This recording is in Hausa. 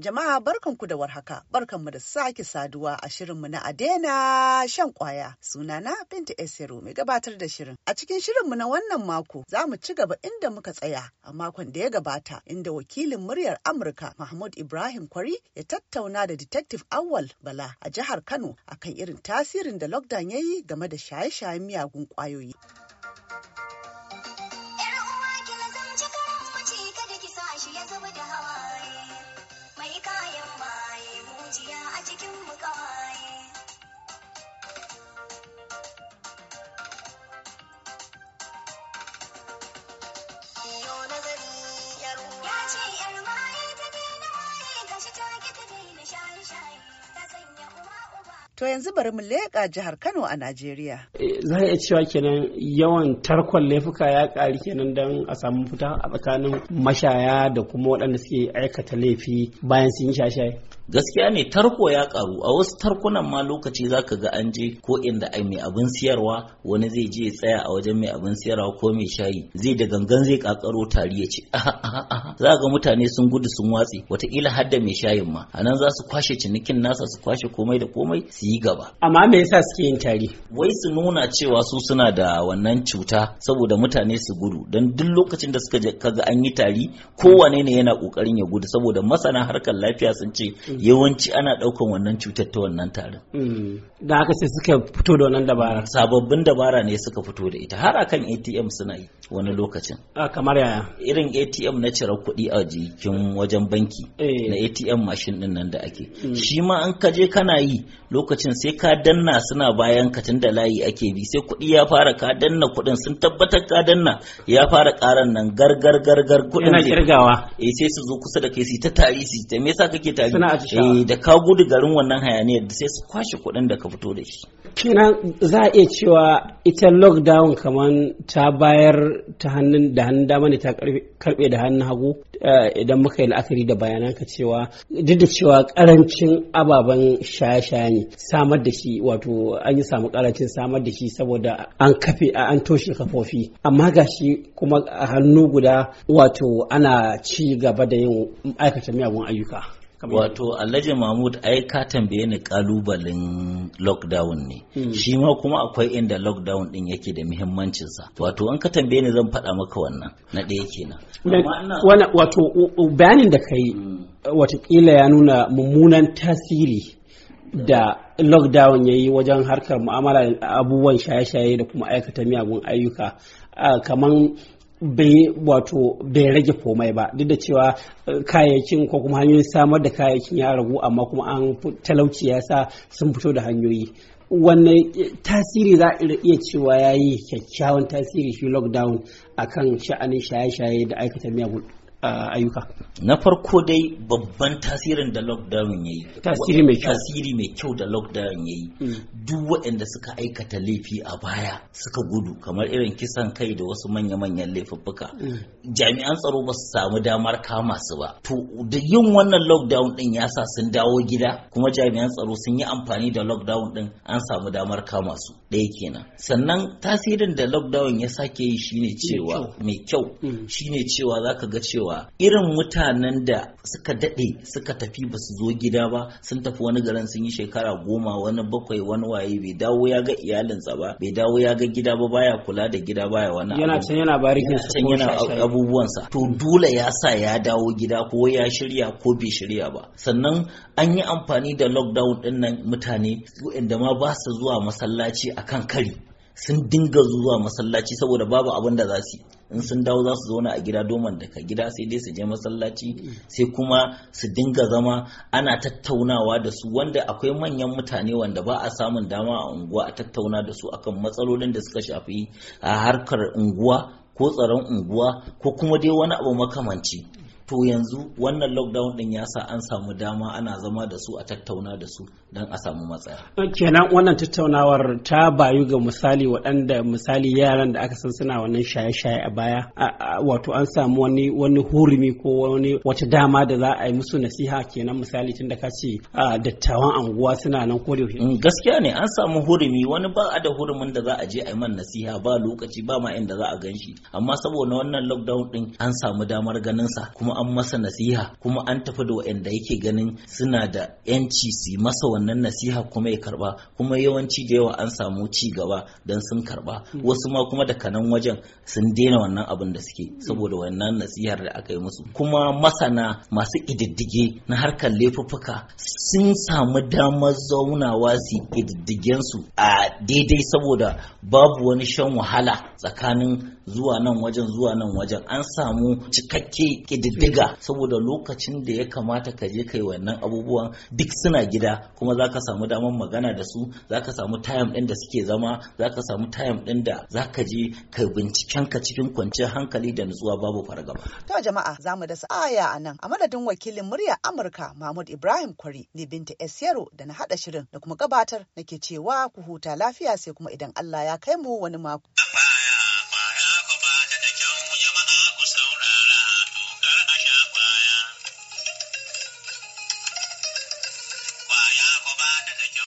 Jama'a barkanku da warhaka, barkanmu da sake saduwa a shirinmu na Adena shan kwaya. na, Binta Esero mai gabatar da shirin. A cikin shirinmu na wannan mako za mu ci gaba inda muka tsaya a makon da ya gabata inda wakilin muryar Amurka Mahmud Ibrahim Kwari ya tattauna da Detective Awal Bala a jihar Kano akan irin tasirin da lockdown ya yi game da shaye-shayen miyagun kwayoyi. To yanzu bari mu leƙa jihar Kano a Najeriya. Eh, za a iya cewa kenan yawan tarkon laifuka ya ƙari kenan don a samu fita a tsakanin mashaya da kuma waɗanda suke aikata laifi bayan sun yi shashaye. gaskiya ne tarko ya karu a wasu tarkunan ma lokaci za ka ga an je ko inda ai mai abin siyarwa wani zai je ya tsaya a wajen mai abin siyarwa ko mai shayi zai da gangan zai kakaro tari ya ce za ga mutane sun gudu sun watse wataƙila har da mai shayin ma anan za su kwashe cinikin nasa su kwashe komai da komai su yi gaba amma me yasa suke yin tari wai su nuna cewa su suna da wannan cuta saboda mutane su gudu dan duk lokacin da suka ga an yi tari kowane ne yana kokarin ya gudu saboda masana harkar lafiya sun ce mm. yawanci ana ɗaukan wannan cutar ta wannan tarin mm. da haka sai suka fito da wannan dabara sababbin dabara ne suka fito da ita har akan ATM suna yi wani lokacin ah, kamar yaya irin ATM na cirar kuɗi a jikin wajen banki eh. na ATM mashin ɗin nan da ake mm. shi ma an ka je kana yi lokacin sai ka danna suna bayan ka tunda layi ake bi sai kuɗi ya fara ka danna kuɗin sun tabbatar ka danna ya fara ƙaran nan gargar gargar kuɗin yana kirgawa eh sai su zo kusa da kai su ta tari su ta me yasa kake tari suna eh da ka gudu garin wannan hayaniyar da sai su kwashe kuɗin da ka fito da shi kenan za a iya cewa ita lockdown kamar ta bayar ta hannun da hannun dama ne ta karbe da hannun hagu eh, idan muka yi la'akari da bayanan ka cewa duk da cewa karancin ababen shaya-shaya ne samar da shi wato an yi samu karancin samar da shi saboda an kafe an toshe kafofi amma gashi kuma a hannu guda wato ana ci gaba da yin aikata miyagun ayyuka wato alhaji mahmud ai ka tambaye ni kalubalen lockdown ne hmm. shi ma kuma akwai inda lockdown din yake da muhimmancinsa wato an ka tambaye ni zan faɗa maka wannan na ɗaya kenan wato bayanin da kai hmm. watakila ya nuna mummunan tasiri da lockdown ya yi wajen harkar mu'amala abubuwan shaye-shaye da kuma aikata miyagun ayyuka ah, kamar bai wato bai rage komai ba duk da cewa eh, kayayyakin ko kuma hanyoyin samar da kayayyakin ya ragu amma kuma an talauci ya sa sun fito da hanyoyi wannan eh, tasiri za a iya cewa ya yi kyakkyawan tasiri shi lockdown akan sha'anin shaye-shaye da aikata miyagun ayyuka na farko dai babban tasirin da lockdown ya yi tasiri mai kyau tasiri mai kyau da lockdown ya yi mm. duk waɗanda suka aikata laifi a baya suka gudu kamar irin kisan kai da wasu manya-manyan laifuffuka mm. jami'an tsaro ba su samu damar kama su ba to da yin wannan lockdown din ya sa sun dawo gida kuma jami'an tsaro sun yi amfani da lockdown din an samu damar kama su ɗaya kenan sannan tasirin da lockdown ya sake yi shine cewa mai kyau mm. shine cewa zaka ga cewa cewa irin mutanen da suka daɗe suka tafi ba su zo gida ba sun tafi wani garin sun yi shekara goma wani bakwai wani waye bai dawo ya ga iyalinsa ba bai dawo ya ga gida ba baya kula da gida baya wani yana can yana barikin su can yana abubuwansa to dole ya sa ya dawo gida ko ya shirya ko bai shirya ba sannan an yi amfani da lockdown din nan mutane inda ma ba su zuwa masallaci akan kari sun dinga zuwa masallaci saboda babu abin da za su yi in sun dawo za su zauna a gida doman daga gida sai dai su je masallaci sai kuma su dinga zama ana tattaunawa da su wanda akwai manyan mutane wanda ba a samun dama a unguwa a tattauna da su akan matsalolin da suka shafi a harkar unguwa ko tsaron unguwa ko kuma dai wani abu makamanci to yanzu wannan lockdown din ya sa an samu dama ana zama da su a tattauna da su don a samu matsaya kenan wannan tattaunawar ta bayu ga misali waɗanda misali yaran da aka san suna wannan shaye-shaye a baya wato an samu wani wani hurumi ko wani wata dama da za a yi musu nasiha kenan misali tun da ka ce dattawan anguwa suna nan ko da mm, gaskiya ne an samu hurumi wani ba a da hurumin da za a je a yi man nasiha ba lokaci ba ma inda za a gan shi amma saboda wannan lockdown din an samu damar ganin sa kuma an masa nasiha kuma an tafi da waɗanda yake ganin suna da yanci su masa wannan nasiha kuma ya karba kuma yawanci da yawa an samu ci gaba don sun karba hmm. wasu ma kuma da kanan wajen sun daina wannan abin da suke saboda wannan nasihar da aka yi musu kuma masana masu ƙididdige na harkar laifuffuka sun samu damar zaunawa su ƙididdigensu a daidai saboda babu wani shan wahala tsakanin zuwa nan wajen zuwa nan wajen an samu cikakke kididdiga saboda lokacin da ya kamata ka je kai wannan abubuwan duk suna gida kuma zaka samu damar magana da su zaka samu tayam ɗin da suke zama zaka ka samu tayam ɗin da zaka je kai binciken ka cikin kwanciyar hankali da nutsuwa babu fargaba. To jama'a zamu mu da sa'aya a nan a madadin wakilin murya Amurka Mahmud Ibrahim Kwari ne binta Esiyaro da na haɗa shirin da kuma gabatar nake cewa ku huta lafiya sai kuma idan Allah ya kai mu wani mako.